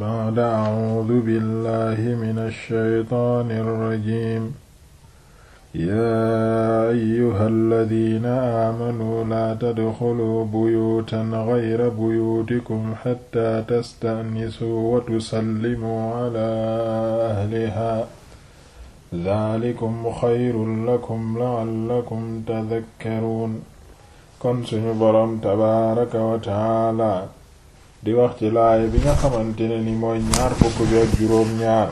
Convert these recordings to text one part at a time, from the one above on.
بعد أعوذ بالله من الشيطان الرجيم يا أيها الذين آمنوا لا تدخلوا بيوتا غير بيوتكم حتى تستأنسوا وتسلموا على أهلها ذلكم خير لكم لعلكم تذكرون kon suñu boroom tabaaraka wa taala di wax ci laaya bi nga xamante ne ni mooy ñaar fukk bi ak juróom-ñaar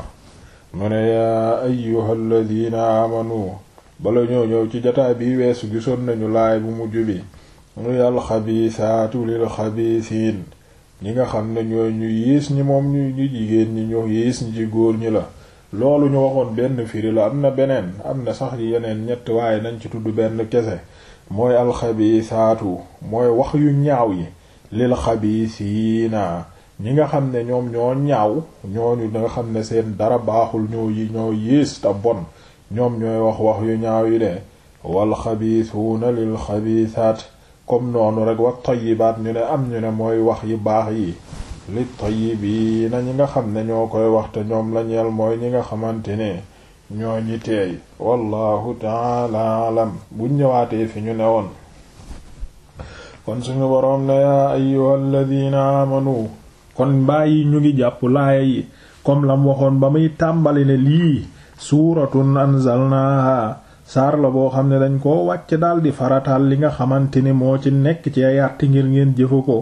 mu ne yaa ayyuhal ladina amanu bala ñoo ñëw ci jataay bi weesu gisoon nañu laay bu mujj bi muy alxabiisaatu lil xabiisiin ñi nga xam na ñooy ñu yiis ñi moom ñu ñu jigéen ñi ñu yiis ñi ci góor ñi la loolu ñu waxoon benn firi la am na beneen am na sax yeneen ñett waaye nañ ci tudd benn kese mooy alxabiisaatu mooy wax yu ñaaw yi lil xabiisiina ñi nga xam ne ñoom ñoo ñaaw ñooñu nga xam ne seen dara baaxul ñoo yi ñoo yiis ta bon ñoom ñooy wax wax yu ñaaw yi de wal xabiisuuna lil xabiisaat comme noonu rek wa tayyibaat ñu ne am ñu ne mooy wax yi baax yi li tayyibiina ñi nga xam ne ñoo koy wax te ñoom la ñeel mooy ñi nga xamante ne ñoo ñi teey wallahu taala alam buñ ñëwaatee fi ñu ne woon kon suñu boroom ne yaa ayyuhal amanu kon bàyyi ñu ngi jàpp laaya yi comme lam waxoon ba muy tàmbali ne lii suuratun anzalnaha saar la boo xam ne dañ koo wàcc daldi farataal li nga xamante ni moo ci nekk ci yàtt ngir ngeen jëfu ko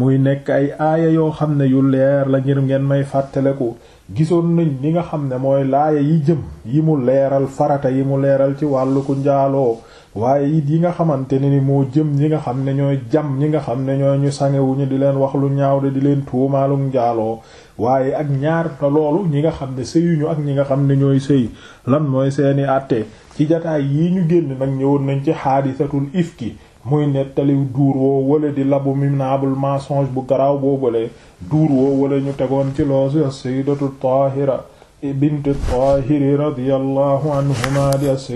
muy nekk ay aaya yoo xam ne yu leer la ngir ngeen may fàttaleku gisoon nañ li nga xam ne mooy laaya yi jëm yi mu leeral farata yi mu leeral ci wàllu ku njaaloo waaye it yi nga xamante ne ni moo jëm ñi nga xam ne ñooy jam ñi nga xam ne ñooy ñu sangewuñu di leen wax lu ñaaw de di leen tuumaalum njaaloo waaye ak ñaar na loolu ñi nga xam ne sëyuñu ak ñi nga xam ne ñooy sëy lan mooy seeni àtte ci jataay yi ñu génn nag ñëwoon nañ ci xaadisatul ifki muy nettaliw duur woo wala di labu minable mensonge bu garaaw boobale duur woo wala ñu tegoon ci loosu sayyidatu tahira bint tahiri radiyallahu anhuma di as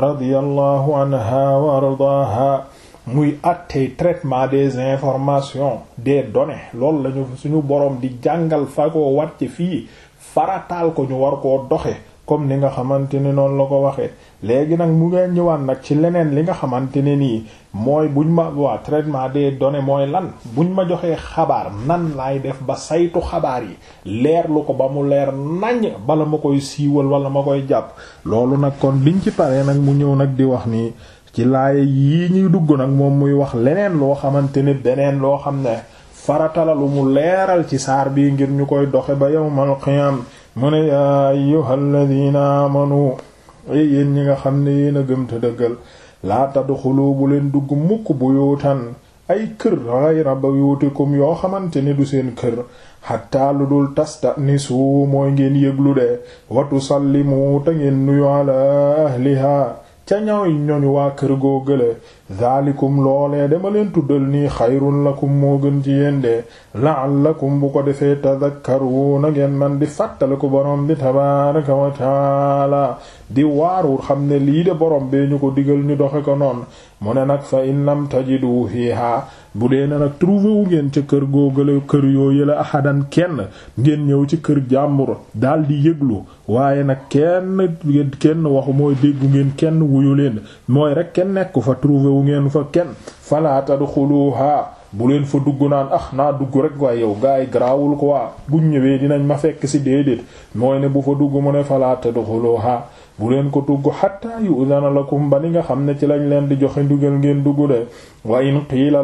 radiyallahu anha wa ardaaha muy attey traitement des informations des données loolu lañu suñu boroom di jàngal fa ko war ci fii farataal ko ñu war koo doxe comme ni nga xamante ne noonu la ko waxee léegi nag mu ngeen ñëwaan nag ci leneen li nga xamante ne nii mooy buñ ma waa traitement des données mooy lan buñ ma joxee xabaar nan laay def ba saytu xabaar yi leerlu ko ba mu leer naññ bala ma koy siiwal wala ma koy jàpp loolu nag kon biñ ci paree nag mu ñëw nag di wax nii ci laay yii ñuy dugg nag moom muy wax leneen loo xamante ne beneen loo xam ne faratala mu leeral ci saar bii ngir ñu koy doxe ba yawmal qiyam mu ne yaa ayyuhal ladina amanu ay ñi nga xam ne yéen a gëm te dëggal laa tadxulu bu leen dugg mukk buyuutan ay kër ghayra buyuutikum yoo xamante ne du seen kër xatta lu dul tasta tastanisu mooy ngeen yëglu de watu tusallimu te ngeen nuyu ala ahliha ca ñaw waa kër goo gële daalikum loolee dama leen tuddal nii xayrun lakum moo gën ci yéen de la'allakum bu ko defee tadakkaruuna ngeen man di fàttaliku borom bi tabaaraka wa di waaru xam ne lii de borom bee ñu ko digal ñu doxe ko noon mu ne nag fa in lam tajidu fiihaa bu dee ne nag trouvé wu ngeen ca kër googale kër yooyu la ahadan kenn ngeen ñëw ci kër jàmbur daal di yëglu waaye nag kenn kenn waxu mooy déggu ngeen kenn wuyu leen mooy rek kenn nekku fa trouvé tadxulu ngeen fa kenn fala tadxuluha bu leen fa dugg naan ax ah, naa dugg rek waaye yow gars yi garaawul quoi buñ ñëwee dinañ ma fekk ci déedéet mooy ne bu fa dugg mu ne fala tadxuluha bu leen ko dugg hatta yu'zana lakum ba li nga xam ne ci lañ leen di joxe ndigal ngeen dugg de wa in qiila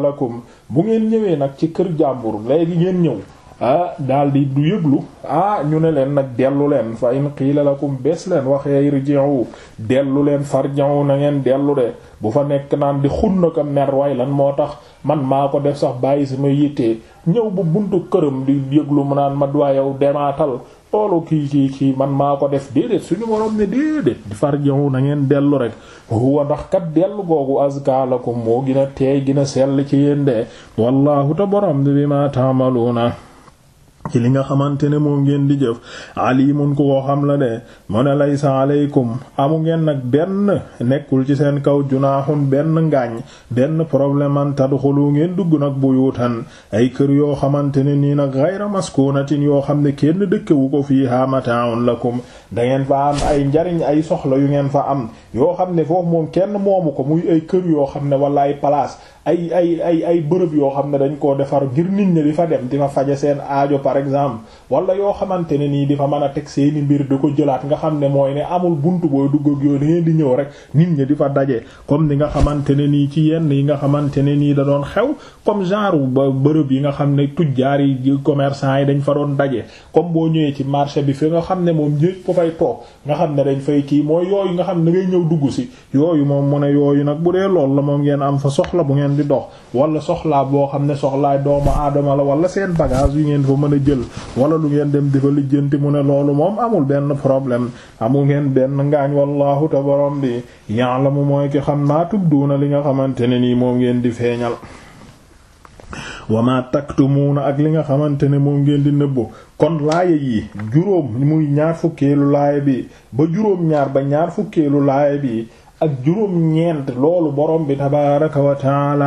bu ngeen ñëwee nag ci kër jàmbur léegi ngeen ñëw ah daal di du yëglu ah ñu ne leen nag dellu leen fa in qiila lakum bees leen waxee irji'u dellu leen farji'u na ngeen dellu de bu fa nekk naan di xunna ko mer lan moo tax man maa ko def sax bàyyi sama yittee ñëw bu buntu këram di yëglu mu naan ma duwayow demaatal loolu kii kii kii man maa ko def déedéet suñu borom ne déedéet di farji'u na ngeen dellu rek huwa ndax kat dellu googu azka lakum moo gën a teey gën a sell ci yéen de wallahu te borom ci li nga xamante ne moom ngeen di jëf alimun ku ko xam la de mu ne laysa aleykum amu ngeen nag benn nekkul ci seen kaw junaaxun benn ngaañ benn problème du tadxulu ngeen dugg nag buyuutan ay kër yoo xamante ne nii nag ghayra maskunatin yoo xam ne kenn dëkkewu ko fii hamata'un lakum da ngeen fa am ay njariñ ay soxla yu ngeen fa am yoo xam ne foofu moom kenn moomu ko muy ay kër yoo xam ne wala ay place ay ay ay ay bërëb yoo xam ne dañ koo defar ngir nit ñi di fa dem di fa faje seen aajo par exemple wala yoo xamante ne nii di fa mën a teg seeni mbir di ko jëlaat nga xam ne mooy ne amul buntu booy dugg ak yoo di ñëw rek nit ñi di fa daje comme ni nga xamante ne nii ci yenn yi nga xamante ne nii da doon xew comme genre ba bërëb yi nga xam ne tujjaar yi commerçant yi dañ fa doon daje comme boo ñëwee ci marché bi fi nga xam ne moom ko fay toog nga xam ne dañ fay kii mooy yooyu nga xam ne ngay ñëw dugg si yooyu moom mu ne yooyu nag bu dee lool la moom ngeen am fa soxla bu ngeen di dox wala soxlaa boo xam ne soxlaay doomu aadama la wala seen bagage yu ngeen fa mën a jël wala lu ngeen dem di fa lijjanti mu ne loolu moom amul benn problème amul ngeen benn ngaañ wallahu te borom bi ya'lamu mooy ki xam du na li nga xamante ne nii moom ngeen di feeñal wama taktumuuna ak li nga xamante ne moom ngeen di nëbbu kon laaya yi juróom muy ñaar fukkeelu laaya bi ba juróom ñaar ba ñaar fukkeelu laaya bi ak juróom-ñeent loolu borom bi tabaaraka wa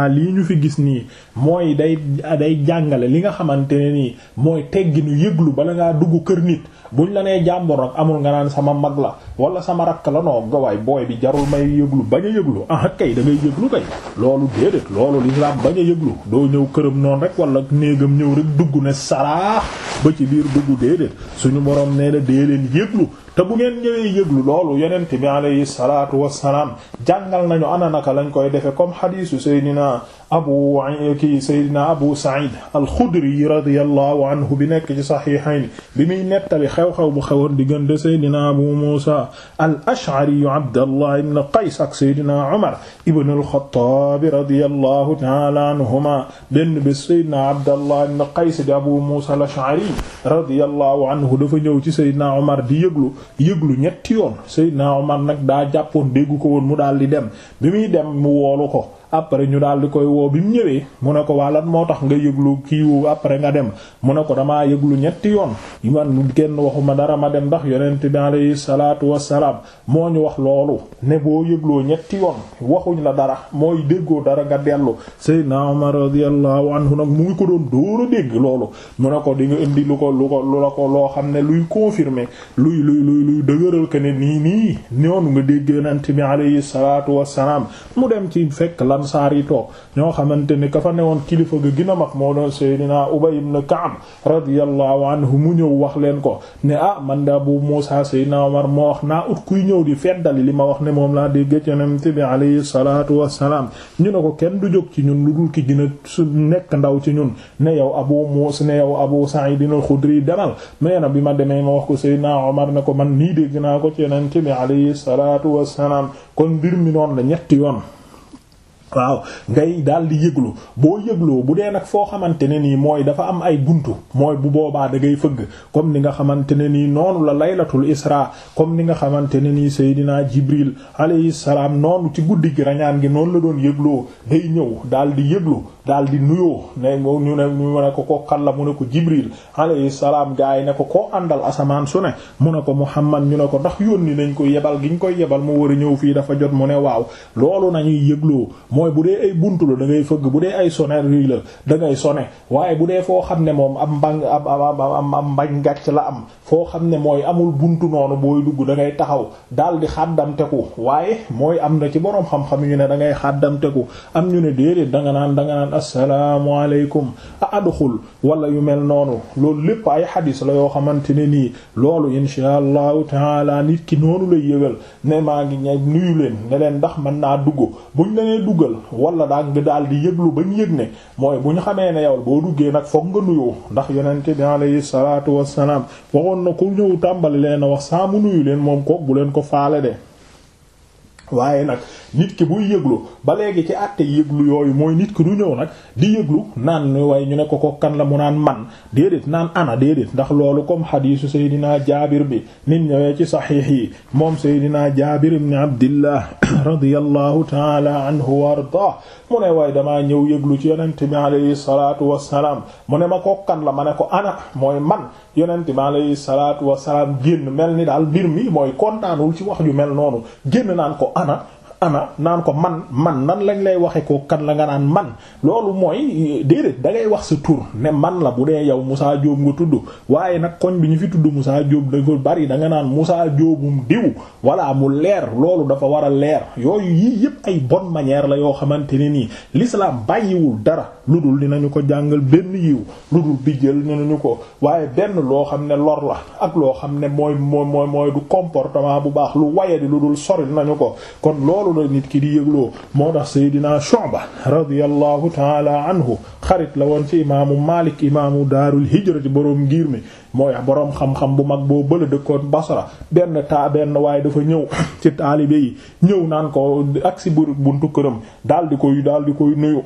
lii ñu fi gis nii mooy day day jàngale li nga xamante ne nii mooy tegginu yëglu bala ngaa dugg kër nit buñ la nee jàmbur nag amul nga naan sama mag la wala sama rakk la noo gawaay booy bi jarul may yëglu bañ a yëglu ah kay da yëglu kay loolu déedéet loolu lislaam bañ a yëglu doo ñëw këram noonu rek wala néegam ñëw rek dugg ne saraax ba ci biir dugg déedéet suñu borom nee na dee leen yëglu te bu ngeen ñëwee yëglu loolu yonent bi alayhi salaatu wassalaam jàngal nañu ana naka lañ koy defe comme xadiisu seydina abu ki seydina abu sa'id al-xudri radiyallahu anhu bi nekk ci saxiixayn bi muy nettali xew-xew bu xewoon diggante seydina abu muusa al-ash'ari abdallah ibn qays ak seydina umar ibn al-xattaab radiyallahu ta'ala wan benn bés seydina abdallah abu muusa al-ash'ari radiyallahu anhu dafa ñëw ci seydina umar di yëglu yëglu ñetti yoon Seydina Omar nag daa jàppoon dégg ko woon mu daal di dem bi muy dem mu woolu ko après ñu daal di koy woo bi mu ñëwee mu ne ko waa lan moo tax nga yëglu kiiwu après nga dem mu ne ko damaa yëglu ñetti yoon yi man kenn waxuma dara ma dem ndax yonent bi alayhi salaatu wassalaam moo ñu wax loolu ne boo yëgloo ñetti yoon waxuñ la dara mooy déggoo dara nga dellu Seydina Umar radiyallahu anhu nag mu ko doon dégg loolu mu ne ko di nga ko lu ko lu ko loo xam ne luy confirmer luy luy luy luy dëgëral que nii nii noonu nga dégg yonent bi alayhi salaatu mu dem ci fekk la ansaar yi ñoo xamante ni ka fa newoon kilifa ga gën a mag moo doon Seydina Ubay ibn Ka'b radiyallahu anhu mu ñëw wax leen ko ne ah man de Abu Muusa Seydina Omar moo wax naa kuy ñëw di feddali li ma wax ne moom laa dégg ci Yonent bi alayhi salaatu wassalaam ñu ne ko kenn du jóg ci ñun lu dul ki gën a su nekk ndaw ci ñun ne yow Abu Muusa ne yow Abu Sa'id al-Khudri demal nee na bi ma demee ma wax ko Seydina Omar ne ko man nii dégg naa ko ci Yonent bi alayhi salaatu wassalaam kon mbir mi noonu la ñetti yoon waaw ngay daal di yëglu boo yëgloo bu dee nag foo xamante ne nii mooy dafa am ay buntu mooy bu boobaa da ngay fëgg comme ni nga xamante ne nii noonu la laylatul isra comme ni nga xamante ne nii Seydina Jibril alayhi salaam noonu ci guddi gi rañaan gi noonu la doon yëgloo day ñëw daal di yëglu daal di nuyoo ne ñu ne ñu ne ko ko kan la mu ne ko Jibril alayhi salaam gaa yi ne ko koo àndal asamaan su ne mu ne ko Muhammad ñu ne ko ndax yónni nañ ko yebal gi ñu koy yebal mu war a ñëw fii dafa jot mu ne waaw loolu nañuy yëgloo mooy bu dee ay buntu la da fëgg bu dee ay yuy la dangay ngay waaye bu dee foo xam ne moom am mbañ am am am mbañ gàcc la am foo xam ne mooy amul buntu noonu booy dugg da ngay taxaw daal di xàddamteku waaye mooy am na ci boroom xam-xam yu ne da ngay xàddamteku am ñu ne déedéet da nga naan da nga naan asalaamaaleykum a adxul wala yu mel noonu loolu lépp ay xadis la yoo xamante ne nii loolu insha allahu taala nit ki noonu lay yëgal ne maa ngi ña nuyu leen ne leen ndax mën naa dugg bu la nee duggal wala daa nga daal di yëglu bañ yëg ne mooy bu ñu xamee ne yow boo duggee nag fokk nga nuyoo ndax mënoon na ko ñëw tàmbali leen a wax saa mu nuyu leen moom kook bu leen ko faale de waaye nag nit ki buy yëglu ba léegi ci àtte yëglu yooyu mooy nit ki du ñëw nag di yëglu naan waaye ñu ne ko ko kan la mu naan man déedéet naan ana ndax loolu comme xadiisu Seydina Jaabir bi nit ñëwee ci saxiix yi moom Seydina Jaabir ibn Abdillah radiyallahu taala anhu wa ardaa mu ne waaye damaa ñëw yëglu ci yonent bi alayhi salaatu wassalaam mu ne ma ko kan la ma ne ko ana mooy man yonent bi alayhi salaatu wassalaam génn mel ni daal mbir mi mooy kontaanul ci wax ju mel noonu génn naan ko ana ana naan ko man man nan lañ lay waxe ko kan la nga naan man loolu mooy déedéet da ngay wax sa tur ne man la bu dee yow Moussa jóob nga tudd waaye nag koñ bi ñu fi tudd Moussa Diop dafa bari da nga naan Moussa Diopum diw walla mu leer loolu dafa war a leer yooyu yii yëpp ay bon manière la yoo xamante ne nii l'islam bàyyiwul dara lu dul dinañu ko jàngal benn yiw lu dul bi jël ñu ko waaye benn loo xam ne lor la ak loo xam ne mooy mooy mooy du comportement bu baax lu waye di lu dul sori nañu ko loolu nit ki di yëgloo moo tax Seydina Shu'ba radiyallahu taala xarit la woon fi imaamu Maalik imaamu daarul hijrati boroom ngir mi mooy boroom xam-xam bu mag boo bëla dëkkoon Basra benn taa benn waaye dafa ñëw ci taalibe yi ñëw naan ko agsi bur buntu këram daal di koy daal di koy nuyu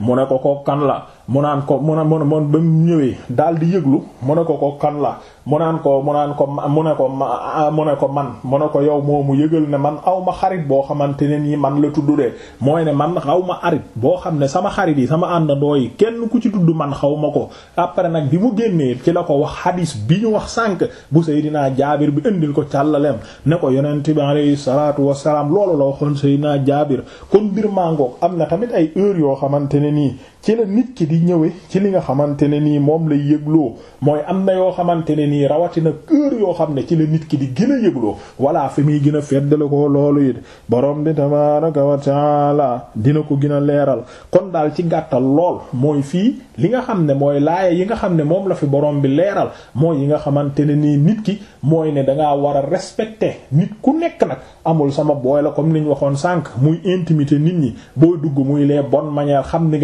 mu ne ko ko kan la munaan ko mu naan mu naan ba mu ñëwee daal di yëglu mu ne ko ko kan la mu naan ko mu naan ko mu ne ko ah, mu ne ko man mu ne ko yow moomu yëgal ne man aw ma xarit boo xamante ne nii man la tudd de mooy ne man xaw ma arit boo xam ne sama xarit yi sama àndandoo yi kenn ku ci tudd man xaw ko après nag bi mu génnee ci la ko wax xadiis bi ñu wax sànq bu dinaa Jaabir bi indil ko càllaleem ne ko yonent bi alayhi salaatu wassalaam loolu la waxoon Seydina Jaabir jaab mbir mangoog am na tamit ay heure yoo xamante ne nii ci la nit ki di ñëwee ci li nga xamante ne nii moom lay yëgloo mooy am na yoo xamante ne nii rawatina kër yoo xam ne ci la nit ki di gën a yëgloo voilà fi muy gën a feddale ko loolu it borom bi tabaaraka wa taala dina ko gën a leeral kon daal ci gàttal lool mooy fii li nga xam ne mooy laaya yi nga xam ne moom la fi borom bi leeral mooy yi nga xamante ne nii nit ki mooy ne dangaa war a respecter nit ku nekk nag amul sama booy la comme ni ñu waxoon sànq muy intimité nit ñi booy dugg muy les bonnes manières xam ni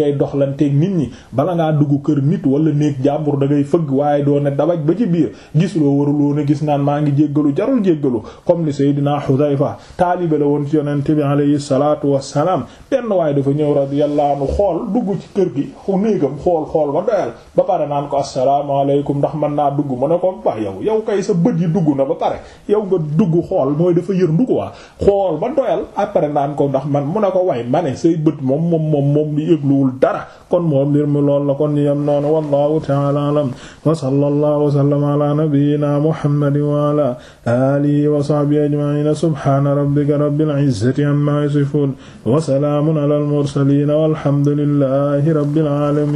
jëflanteeg nit ñi bala ngaa dugg kër nit wala néeg jàmbur da ngay fëgg waaye doo ne dabaj ba ci biir gis loo waruloo ne gis naan maa ngi jéggalu jarul jéggalu kom ni Seydina Xudayfa taalibe la woon ci yonente bi alayhi salaatu wassalaam benn waaye dafa ñëw radiyallahu anhu xool dugg ci kër gi néegam xool xool ba doyal ba pare naan ko asalaamaaleykum ndax man naa dugg mu ne ko ba yow yaw kay sa bët yi dugg na ba pare yow nga dugg xool mooy dafa yërndu quoi xool ba doyal après naan ko ndax man mu ne ko way ma ne say bët moom moom dara kon moom mbir mi lool la kon yam noonu wallahu ta'ala alam wa sallallahu wa sallama ala nabiyyina muhammadin wa ala alihi wa sahbihi ajma'in subhana rabbika rabbil izzati amma yasifun wa salamun ala al mursalin walhamdulillahi rabbil alamin